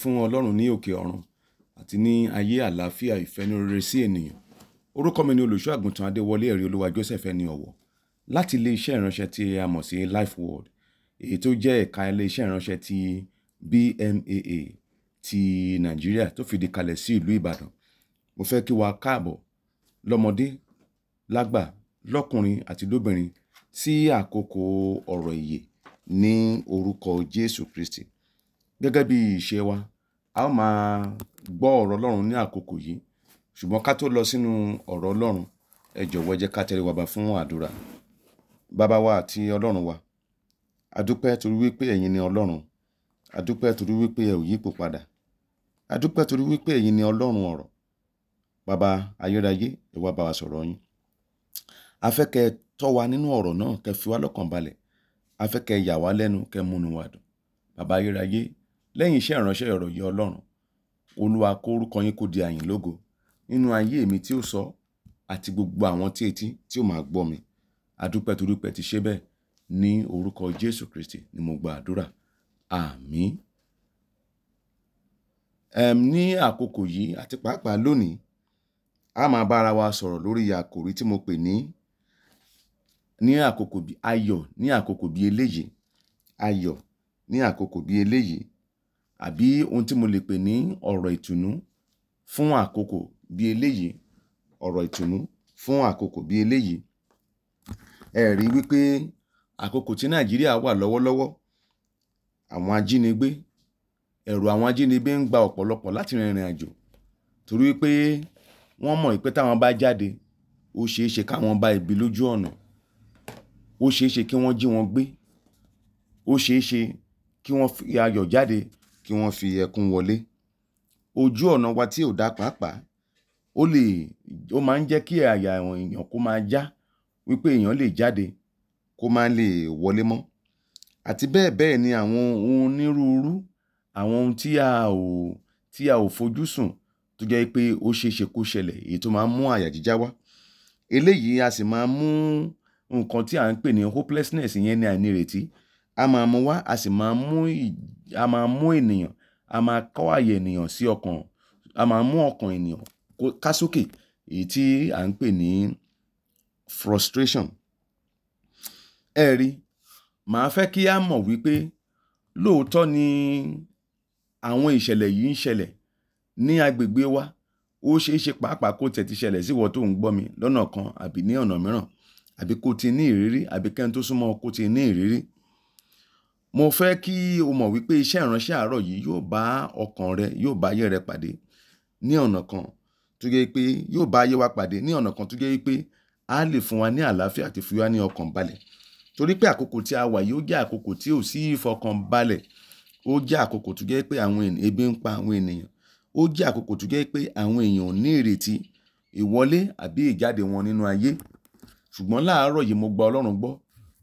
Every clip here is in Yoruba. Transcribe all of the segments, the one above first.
fún ọlọ́run ní òkè ọ̀run àti ní ayé àlàáfíà ìfẹ́nurere sí ènìyàn orúkọ mi ni olùṣọ́ àgùntàn adéwọlé ẹ̀rí olúwa joseph ẹni ọ̀wọ̀ láti iléeṣẹ́ ìránṣẹ́ tí a mọ̀ sí life world èyí tó jẹ́ ẹ̀ka iléeṣẹ́ ìránṣẹ́ ti bmaa ti nàìjíríà tó fìdí kalẹ̀ sí ìlú ìbàdàn mo fẹ́ kí wa káàbọ̀ lọ́mọdé lágbà lọ́kùnrin àti lóbìnrin sí àkókò ọ̀rọ̀ ìyè ní orúkọ jésù kristi Gẹ́gẹ́ bí ìṣe wa, a ó máa gbọ́ ọ̀rọ̀ Ọlọ́run ní àkókò yìí. Ṣùgbọ́n ká tó lọ sínú ọ̀rọ̀ Ọlọ́run, ẹ jọ̀wọ́ ẹ jẹ́ ká tẹríba ba fún àdúrà. Baba wa àti Ọlọ́run wa, a dúpẹ́ torí wípé ẹ̀yin ni Ọlọ́run. A dúpẹ́ torí wípé ẹ ò yípo padà. A torí wípé ẹ̀yin ni Ọlọ́run ọ̀rọ̀. Baba ayérayé, ẹ wá bá wa sọ̀rọ̀ yín. A fẹ́ kẹ tọ́ wa nínú ọ̀rọ̀ náà, kẹ fi wá lọ́kàn balẹ̀. A kẹ yà wá lẹ́nu, kẹ múnu wa dùn. Baba ayérayé, lẹ́yìn iṣẹ́ ìránṣẹ́ ìròyìn Ọlọ́run Olúwa kó orúkọ yín kó di àyìn lógo nínú ayé mi tí ó sọ àti gbogbo àwọn tí etí tí ó máa gbọ́ mi adúpẹ́ torí ti ṣe bẹ́ẹ̀ ní orúkọ Jésù Kristi ni mo gba àdúrà àmín um, ní àkókò yìí àti pàápàá lónìí a máa bára wa sọ̀rọ̀ lórí àkòrí tí mo pè ní ní àkókò bí ayọ̀ ní àkókò bí eléyìí ayọ̀ ní àkókò bí eléyìí àbí ohun tí mo lè pè ní ọ̀rọ̀ ìtùnú fún àkókò bí eléyìí ọ̀rọ̀ ìtùnú fún àkókò bí eléyìí. Ẹ ẹ̀ rí i wí pé àkókò tí Nàìjíríà wà lọ́wọ́lọ́wọ́ àwọn ajínigbé, ẹ̀rù àwọn ajínigbé ń gba ọ̀pọ̀lọpọ̀ láti rìnrìn àjò torí wí pé wọ́n mọ̀ wí pé táwọn bá jáde ó ṣe é ṣe káwọn bá ibi lójú ọ̀nà, ó ṣe ṣe kí wọ́n jí wọn gbé, ó ṣe ṣe kí wọ́n fi ayọ̀ jáde kí wọ́n fi ẹkún wọlé. Ojú ọ̀nà wa tí ò da pàápàá, ó lè, ó máa ń jẹ́ kí àyà èèyàn kó máa já wípé èèyàn lè jáde kó má lè wọlé mọ́. Àti bẹ́ẹ̀ bẹ́ẹ̀ ni àwọn ohun onírúurú, àwọn ohun tí a ò, tí a ò fojú sùn tó jẹ́ pé ó ṣe é ṣe kó ṣẹlẹ̀ èyí tó máa ń mú àyà jíjá wá. Eléyìí a sì máa mú nǹkan tí à ń pè ní hopelessness yẹn ní àìnírètí a máa mú wá, a sì máa mú ì, a máa mú ènìyàn, a máa kó ààyè ènìyàn sí ọkàn, a máa mú ọkàn ènìyàn ká sókè èyí tí à ń pè ní frustration. Ẹ ẹ̀ rí i, màá fẹ́ kí a mọ̀ wípé lóòótọ́ ni àwọn ìṣẹ̀lẹ̀ yìí ń ṣẹlẹ̀ ní agbègbè wa. Ó ṣe é ṣe pàápàá kó tiẹ̀ ti ṣẹlẹ̀ sí ìwọ tó ń gbọ́ mi lọ́nà kan àbí ní ọ̀nà mìíràn àbí ko ti ní ìrírí àbí kẹ́ni tó súnmọ́ kó ti ní ìrírí. Mo fẹ́ kí o mọ̀ wípé iṣẹ́ ìránṣẹ́ àárọ̀ yìí yóò bá ọkàn rẹ, yóò bá ayé rẹ pàdé ní ọ̀nà kan tó jẹ́ pé yóò bá ayé wa pàdé ní ọ̀nà kan tó jẹ́ wípé a lè fún wa ní àlàáfíà àti fi wá ní ọkàn balẹ̀. Torí pé àkókò tí a wà yìí ó jẹ́ àkókò tí ò sí ìfọ̀kànbalẹ̀. Ó jẹ́ àkókò tó jẹ́ pé àwọn ebi ń pa àwọn ènìyàn. Ó jẹ́ àkókò tó jẹ́ pé àwọn èèyàn ò ní ìrètí ìwọlé àbí ìjáde wọn nínú ayé. Ṣùgbọ́n láàárọ̀ yìí mo gba Ọlọ́run gbọ́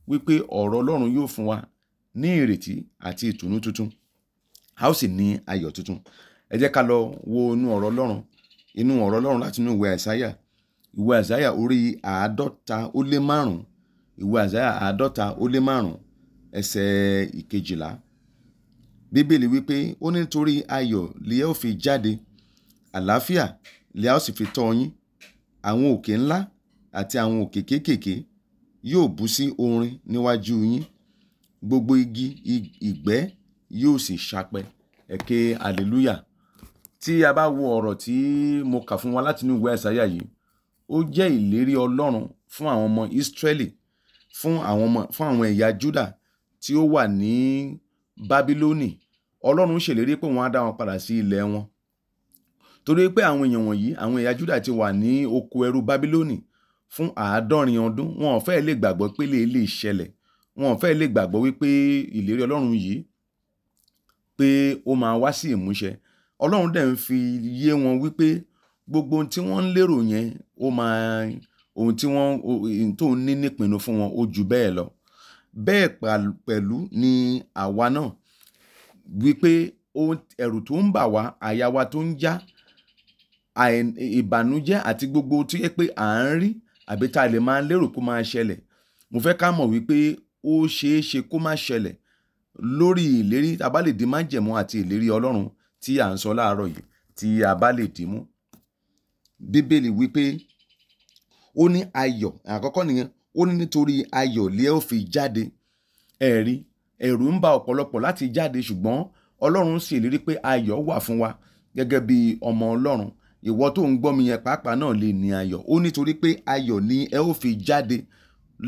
wípé ọ̀rọ̀ Ọlọ́run yóò fún wa ní ìrètí àti ìtùnú tuntun a ó sì ní ayọ̀ tuntun ẹ jẹ́ ká lọ wo inú ọ̀rọ̀ ọlọ́run inú ọ̀rọ̀ ọlọ́run láti inú ìwé àìsáyà ìwé àìsáyà orí àádọ́ta ó lé márùn-ún ìwé àìsáyà àádọ́ta ó lé márùn-ún ẹsẹ̀ ìkejìlá bíbélì wípé ó ní nítorí ayọ̀ lè ó fi jáde àlàáfíà lè ó sì fi tọ́ yín àwọn òkè ńlá àti àwọn òkè kéékèèké yóò bú sí orin níwájú yín gbogbo igi ìgbẹ́ yóò sì ṣapẹ. Ẹ ké hallelujah. Tí a bá wo ọ̀rọ̀ tí mo kà fún wa látinú ìwé Àìsáyà yìí, ó jẹ́ ìlérí Ọlọ́run fún àwọn ọmọ Ísírẹ́lì, fún àwọn ọmọ fún àwọn ẹ̀yà Júdà tí ó wà ní Bábílónì. Ọlọ́run ṣèlérí pé òun á dá wọn padà sí ilẹ̀ wọn. Torí pé àwọn èèyàn wọ̀nyí, àwọn ẹ̀yà Júdà ti wà ní oko ẹrú Bábílónì fún àádọ́rin ọdún, wọn ò fẹ́ lè gbàgbọ́ pé lè lè ṣẹlẹ̀ wọn fẹ́ lè gbàgbọ́ wípé ìlérí ọlọ́run yìí pé ó máa wá sí ìmúṣẹ ọlọ́run dẹ̀ ń fi yé wọn wípé gbogbo ohun tí wọ́n ń lérò yẹn ó máa ohun tí wọ́n ohun tó ń ní nípinnu fún wọn ó ju bẹ́ẹ̀ lọ bẹ́ẹ̀ pẹ̀lú ni àwa náà wípé ẹ̀rù tó ń bà wá àyà wa tó ń já ìbànújẹ́ àti gbogbo tó yẹ pé à ń rí àbí tá a lè máa lérò kó máa ṣẹlẹ̀ mo fẹ́ ká mọ̀ wípé ó ṣeé ṣe kó má ṣẹlẹ̀ lórí ìlérí tá a bá lè di májẹ̀mú àti ìlérí Ọlọ́run tí à ń sọ láàárọ̀ yìí tí a bá lè mú. Bíbélì wípé ó ní ayọ̀ àkọ́kọ́ nìyẹn ó ní nítorí ayọ̀ lé ó fi jáde ẹ̀rí ẹ̀rù ń ba ọ̀pọ̀lọpọ̀ láti jáde ṣùgbọ́n Ọlọ́run sì lérí pé ayọ̀ wà fún wa gẹ́gẹ́ bí ọmọ Ọlọ́run ìwọ tó ń gbọ́ mi yẹn pàápàá náà lè ní ayọ̀ ó nítorí pé ayọ̀ ni ẹ ó fi jáde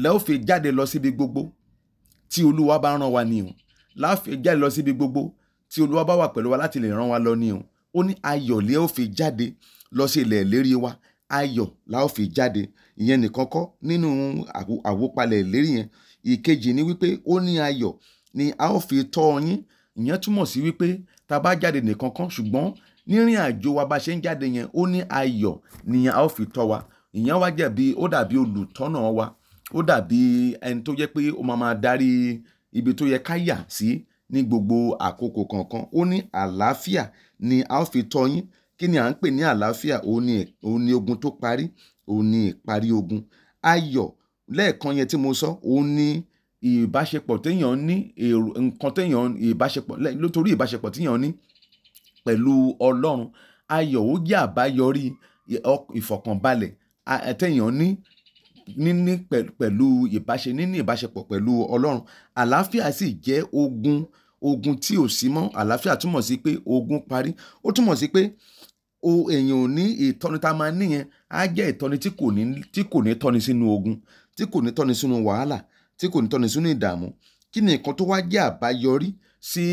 lẹ ó fi jáde lọ síbi gbogbo tí olúwa bá rán wa ni o láfi jáde lọ síbi gbogbo tí olúwa bá wà pẹ̀lú wa láti lè rán wa lọ ni o ó ní ayọ̀ lé ó fi jáde lọ sí ilẹ̀ ìlérí wa ayọ̀ la ó fi jáde ìyẹn nìkan kọ́ nínú àwòpalẹ̀ ìlérí yẹn ìkejì ni wípé ó ní ayọ̀ ni a ó fi tọ́ ọ yín ìyẹn túmọ̀ sí wípé tá a bá jáde nìkan kan ṣùgbọ́n nírìn àjò wa bá ṣe ń jáde yẹn ó ní ayọ̀ ni a ó fi tọ́ wa ìyẹn wá jẹ́ ó dàbí olùtọ́nà wa ó dàbí ẹni tó jẹ́ pé ó máa máa darí ibi tó yẹ ká yà sí ní gbogbo àkókò kọ̀ọ̀kan ó ní àlàáfíà ni a ó fi tọ́ yín kí ni à ń pè ní àlàáfíà òun ni ogun tó parí òun ni ìparí ogun ayọ̀ lẹ́ẹ̀kan yẹn tí mo sọ òun ni ìbáṣepọ̀ téèyàn ní èrò nǹkan téèyàn ìbáṣepọ̀ lótorí ìbáṣepọ̀ téèyàn ní pẹ̀lú ọlọ́run ayọ̀ ó jẹ́ àbáyọrí ìfọ̀kànbalẹ̀ téèyàn ní níní pẹ̀lú ìbáṣe níní ìbáṣepọ̀ pẹ̀lú Ọlọ́run àlàáfíà sì jẹ́ ogun ogun tí ò sí mọ́ àlàáfíà túmọ̀ sí pé ogun parí ó túmọ̀ sí pé o èèyàn ò ní ìtọ́ni tá a máa níyẹn á jẹ́ ìtọ́ni tí kò ní tí kò ní tọ́ni sínú ogun tí kò ní tọ́ni sínú wàhálà tí kò ní tọ́ni sínú ìdààmú kí ni nǹkan tó wá jẹ́ àbáyọrí sí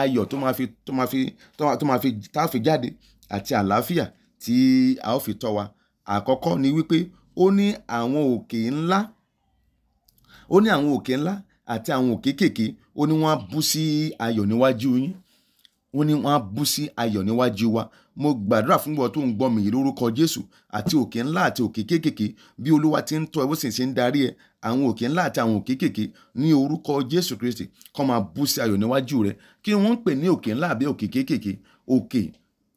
ayọ̀ tó máa fi tó máa fi tó máa fi tá a fi jáde àti àlàáfíà tí a ó fi tọ́ wa àkọ́kọ́ ni wípé ó ní àwọn òkè ńlá ó ní àwọn òkè ńlá àti àwọn òkè kéékèèké ó ní wọ́n á bú sí ayọ̀ níwájú yín ó ní wọ́n á bú sí ayọ̀ níwájú wa mo gbàdúrà fún gbogbo tó ń gbọ́ mi yìí lórúkọ jésù àti òkè ńlá àti òkè kéékèèké bí olúwa ti ń tọ́ ẹ bó sì ṣe ń darí ẹ àwọn òkè ńlá àti àwọn òkè kéékèèké ní orúkọ jésù kristi kó máa bú sí ayọ̀ níwájú rẹ kí wọ́n ń pè ní òkè ńlá àbí òkè kéékèèké òkè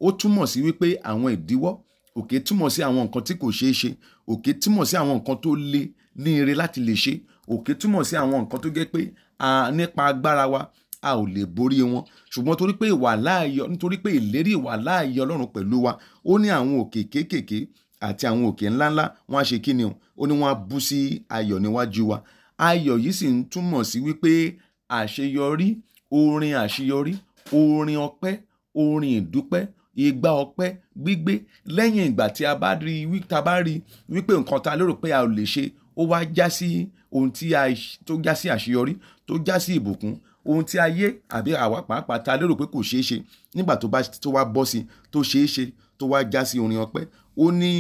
ó túmọ̀ sí wípé àwọn ìdíwọ́ òkè túmọ̀ sí àwọn nǹkan tí kò ṣeé ṣe òkè túmọ̀ sí àwọn nǹkan tó le ní ire láti lè ṣe òkè túmọ̀ sí àwọn nǹkan tó jẹ́ pé nípa agbára wa a ò lè borí wọn ṣùgbọ́n torí pé ìwà láàyè nítorí pé ìlérí ìwà láàyè ọlọ́run pẹ̀lú wa ó ní àwọn òkè kéékèèké àti àwọn òkè ńláńlá wọn á ṣe kí ni o ó ní wọn á bú sí ayọ̀ níwájú wa ayọ̀ yìí sì ń túmọ̀ sí wípé àṣeyọrí orin àṣeyọrí orin ọpẹ́ orin ìdúpẹ́ ìgbà ọpẹ́ gbígbé lẹ́yìn ìgbà tí a bá rí wí tá a bá rí wípé nǹkan ta lérò pé a ò lè ṣe ó wá já sí ohun tí a tó já sí àṣeyọrí tó já sí ìbùkún ohun tí ayé àbí àwa pàápàá ta lérò pé kò ṣeé ṣe nígbà tó bá tó wá bọ́ sí tó ṣeé ṣe tó wá já sí orin ọpẹ́ ó ní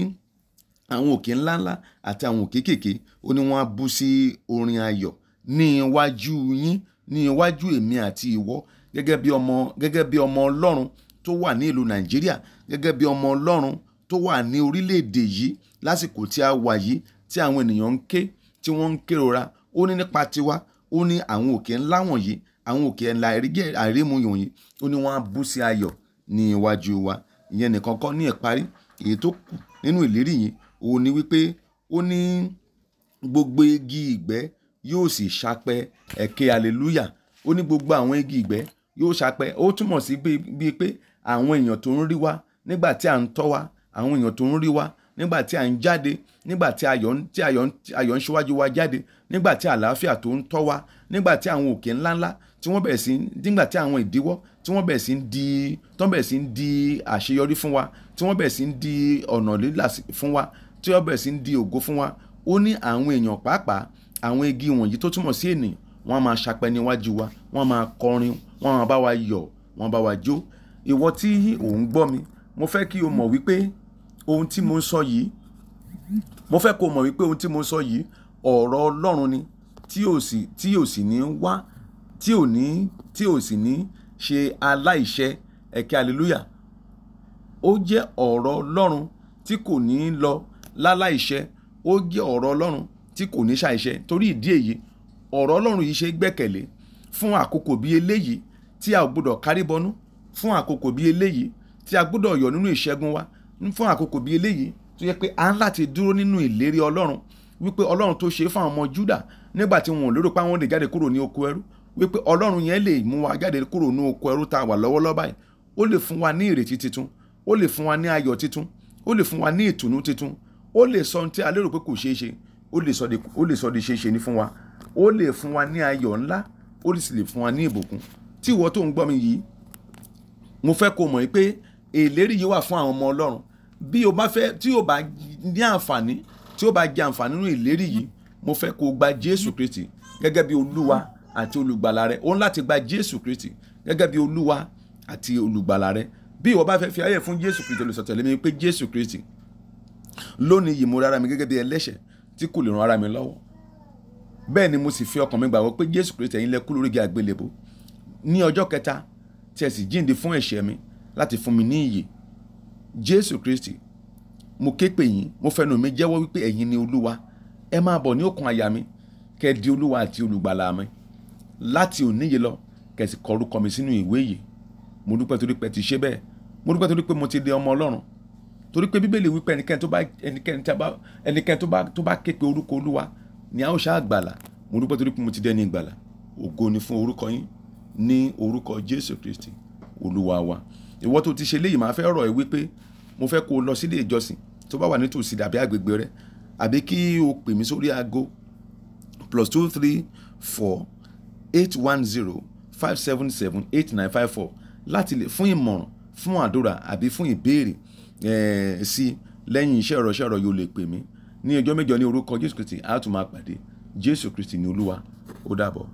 àwọn òkè ńláńlá àti àwọn òkè kéèké ó ní wọ́n á bú sí orin ayọ̀ ní iwájú yín ní iwájú èmi àti ìwọ gẹ́gẹ́ bí ọmọ gẹ́gẹ́ bí ọmọ Ọlọ́run tó wà ní ìlú nàìjíríà gẹ́gẹ́ bí ọmọ ọlọ́run tó wà ní orílẹ̀-èdè yìí lásìkò tí a wà yìí tí àwọn ènìyàn ń ké tí wọ́n ń kérora ó ní nípa tiwa ó ní àwọn òkè ńlá wọ̀nyí àwọn òkè ńlá àrímuyàn yìí ó ní wọ́n á bú sí ayọ̀ ní iwájú wa ìyẹn nìkan kọ́ ní ìparí èyí tó kù nínú ìlérí yìí òun ni wípé ó ní gbogbo igi ìgbẹ́ yóò sì ṣapẹ́ ẹ̀kẹ́ hallelujah ó ní gbogbo àwọn igi ìgbẹ́ yóò ṣapẹ́ ó túmọ̀ sí bíi pé àwọn èèyàn tó ń rí wa nígbà tí à ń tọ́ wa àwọn èèyàn tó ń rí wa nígbà tí à ń jáde nígbà tí ayọ̀ tí ayọ̀ tí ayọ̀ ń ṣíwájú wa jáde nígbà tí àlàáfíà tó ń tọ́ wa nígbà tí àwọn òkè ńláńlá tí wọ́n bẹ̀rẹ̀ sí nígbà tí àwọn ìdíwọ́ tí wọ́n bẹ̀rẹ̀ sí ń di tí wọ́n bẹ̀rẹ̀ sí ń di àṣeyọrí fún wa tí wọ́n bẹ̀rẹ̀ sí ń di ọ̀nà lílà fún wa tí wọ́n bẹ̀rẹ̀ sí ń di ògo fún wa ó ní àwọn èèyàn pàápàá àwọn igi wọ̀nyí tó túmọ̀ sí ènìyàn wọ́n máa ṣapẹ́ níwájú wa wọ́n máa kọrin wọ́n máa bá wa yọ̀ wọ́n bá wa jó ìwọ tí ò ń gbọ́ mi mo fẹ́ kí o mọ̀ wípé ohun tí mo ń sọ yìí mo fẹ́ kó o mọ̀ wípé ohun tí mo ń sọ yìí ọ̀rọ̀ ọlọ́run ni tí ò sì tí ò sì ní wá tí ò ní tí ò sì ní ṣe aláìṣẹ ẹ̀kẹ́ hallelujah ó jẹ́ ọ̀rọ̀ ọlọ́run tí kò ní lọ láláìṣẹ ó jẹ́ ọ̀rọ̀ ọlọ́run tí kò ní ṣàìṣẹ torí ìdí èyí ọ̀rọ̀ ọlọ́run yìí ṣe gbẹ́kẹ̀lé fún àkókò bíi eléyìí tí a ò gbọdọ̀ kárí bọnú fún àkókò bí eléyìí tí a gbọ́dọ̀ yọ̀ nínú ìṣẹ́gun wa fún àkókò bí eléyìí tó yẹ pé a ń láti dúró nínú ìlérí ọlọ́run wípé ọlọ́run tó ṣe é fáwọn ọmọ Júdà nígbà tí wọn ò lérò pé àwọn lè jáde kúrò ní oko ẹrú wípé ọlọ́run yẹn lè mú wa jáde kúrò ní oko ẹrú tá a wà lọ́wọ́lọ́wọ́ báyìí ó lè fún wa ní ìrètí titun ó lè fún wa ní ayọ̀ titun ó lè fún wa ní ìtùnú titun ó lè sọ ohun tí a lérò pé kò ṣeé ṣe ó lè sọ di ṣeéṣe ní fún wa ó lè fún wa ní ayọ̀ ńlá ó sì lè fún wa ní ìbùkún tí ìwọ tó ń gbọ́ mi yìí mo fẹ́ kó mọ̀ pé èlérí yìí wà fún àwọn ọmọ ọlọ́run bí o bá fẹ́ tí o bá ní àǹfààní tí o bá jẹ àǹfààní nínú ìlérí yìí mo fẹ́ kó o gba jésù kristi gẹ́gẹ́ bí olúwa àti olùgbàlà rẹ o ń láti gba jésù kristi gẹ́gẹ́ bí olúwa àti olùgbàlà rẹ bí ìwọ bá fẹ́ fi ayé fún jésù kristi olùsọ̀tẹ̀lé mi pé jésù kristi lónìí yìí mo rárá mi gẹ́gẹ́ bí ẹlẹ́ṣẹ̀ tí kò lè ran ara mi lọ́wọ́ bẹ́ẹ̀ ni mo sì fi ọkàn mi gbàgbọ́ pé jésù kristi ẹ̀yin lẹ kú lórí igi ní ọjọ́ kẹta tí ẹ sì jíǹde fún ẹ̀ṣẹ̀ mi láti fún mi ní ìyè jésù kristi mo ké pè yín mo fẹnu mi jẹ́wọ́ wípé ẹ̀yin ni olúwa ẹ máa bọ̀ ní òkun àyà mi kẹ́ ẹ di olúwa àti olùgbàlà mi láti òní yìí lọ kẹ́ ẹ sì kọ orúkọ mi sínú ìwé yìí mo dúpẹ́ torí pé ti ṣe bẹ́ẹ̀ mo dúpẹ́ torí pé mo ti di ọmọ ọlọ́run torí pé bíbélì wípé ẹnikẹ́ni tó bá ké pe orúkọ olúwa ni a ó ṣáà gbàlà mo dúpẹ́ torí pé mo ti dẹ́ni ìgbàlà ògo ni fún orúkọ yín ní orúkọ Jésù Kristi olúwa wa ìwọ tó ti ṣe léyìí máa fẹ́ rọ̀ ẹ́ wípé mo fẹ́ kó o lọ sílé ìjọsìn tó bá wà nítòsí dàbí àgbègbè rẹ àbí kí o pè mí sórí aago plus two three four eight one zero five seven seven eight nine five four láti lè fún ìmọ̀ràn fún àdúrà àbí fún ìbéèrè ẹ̀ẹ́ sí lẹ́yìn iṣẹ́ ọ̀rọ̀ iṣẹ́ ọ̀rọ̀ yóò lè pè mí ní ọjọ́ mẹ́jọ ní orúkọ Jésù Kristi a tún máa pàdé Jésù Kristi ní Olúwa ó dàbọ̀.